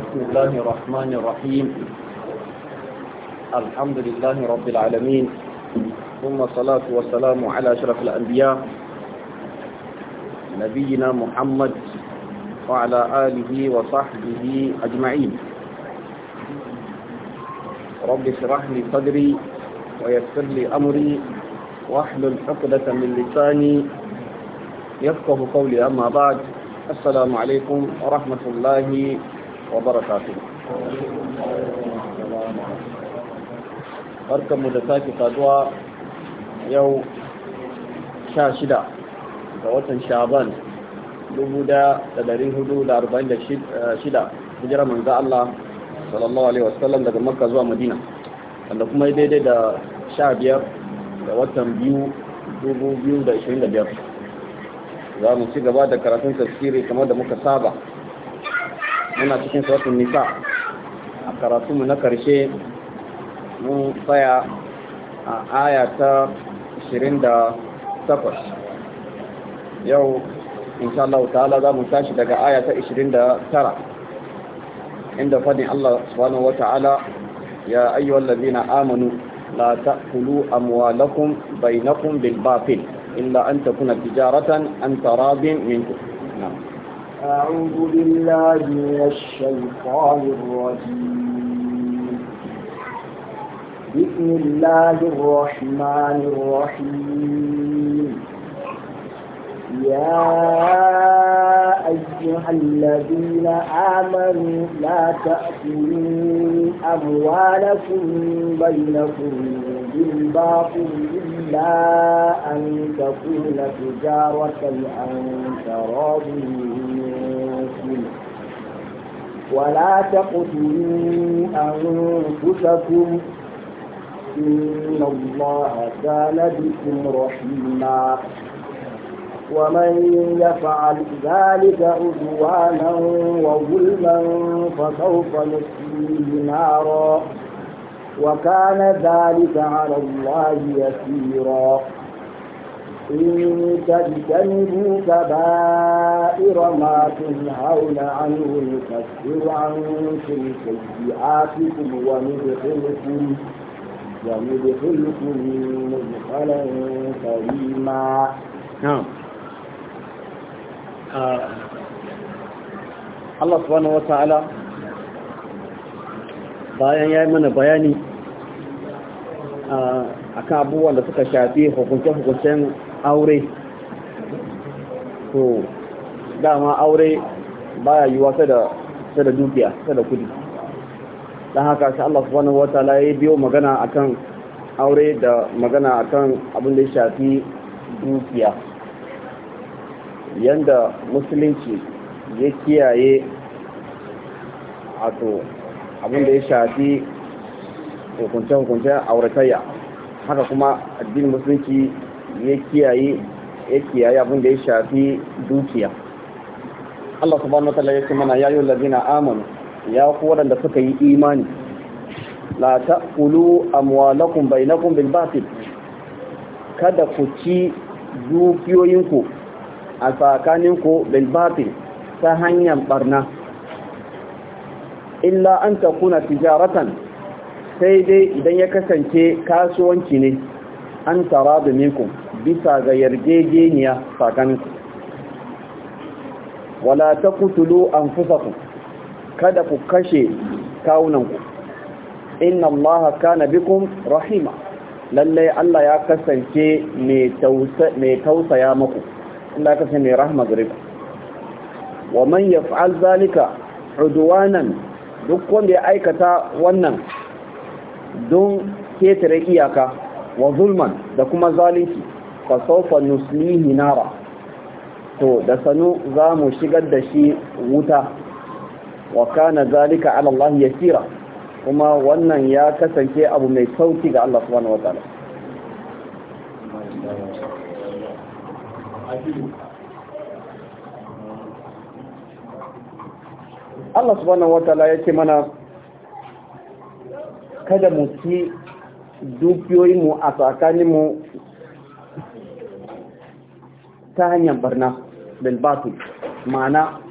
بسم الله الرحمن الرحيم الحمد لله رب العالمين ثم صلاة والسلام على أشرف الأنبياء نبينا محمد وعلى آله وصحبه أجمعين رب اشرح لي صدري ويسر لي أمري واحلل عقدة من لساني يفقه قولي أما بعد السلام عليكم ورحمة الله وبركاته barkan mu da sake saduwa yau sha shida ga watan shaban dubu da dari hudu da arba'in da eh, shida hijira manzo Allah sallallahu alaihi wasallam daga makka zuwa madina wanda kuma daidai da sha biyar da watan biyu da biyar za mu ci gaba da karatun tafsiri kamar da muka saba muna cikin sautin nisa a karatunmu na karshe mun tsaya a aya ta 28 yau insha Allah ta'ala za mu tashi daga aya ta 29 inda fadin Allah subhanahu wa ta'ala ya ayyuhallazina amanu la ta'kulu amwalakum bainakum bil batil إلا أن تكون تجارة أنت راض منك نعم أعوذ بالله من الشيطان الرجيم بسم الله الرحمن الرحيم يا أيها الذين آمنوا لا تأكلوا أموالكم بينكم بالباطل إلا أن تكون تجارة عن تراض منكم ولا تقتلوا أنفسكم إن الله كان بكم رحيما ومن يفعل ذلك عدوانا وظلما فسوف نسليه نارا وكان ذلك على الله يسيرا إن تجتنبوا كبائر ما تنهون عنه نكفر عنكم سيئاتكم وندخلكم وندخلكم مدخلا كريما نعم Uh, Allah subhanahu ta'ala bayan ya yi mana bayani uh, a kan abubuwan da suka shafi hukunce-hukuncen aure to dama aure baya yi wa da dukiya ta da kudi don haka shi Allah subhanahu ta'ala ya biyo magana akan aure da magana akan abin da ya shafi dukiya yanda musulunci ya kiyaye wato abin da ya shafi hukunce a auratayya haka kuma addinin musulunci ya kiyaye ya kiyaye abin da ya shafi dukiya Allah subhanahu wa ta'ala ya ce mana ya yi lazina ya ku waɗanda suka yi imani la ta'kulu amwalakum bainakum bil batil kada ku ci dukiyoyinku a tsakaninku Bilbati ta hanyar barna illa an ta kuna tijaratan sai dai idan ya kasance kasuwanci ne an tara da minku bisa ga yarjejeniya tsakaninku wala ta kutulu an fusaku kada ku kashe kawunanku inna na kana bikum rahima lallai allah ya kasance mai tausaya maku Allah ka mai rahma gare wa man yaf'al zalika udwanan duk wanda ya aikata wannan don ketare iyaka wa zulman da kuma zalunci fa sawfa nuslihi nara to da sanu za mu shigar da shi wuta wa kana zalika ala Allah yasira kuma wannan ya kasance abu mai sauki ga Allah subhanahu ta'ala Allah subhanahu ya ce mana kada mu ci mu a mu ta hanyar barna bilbatu ma'ana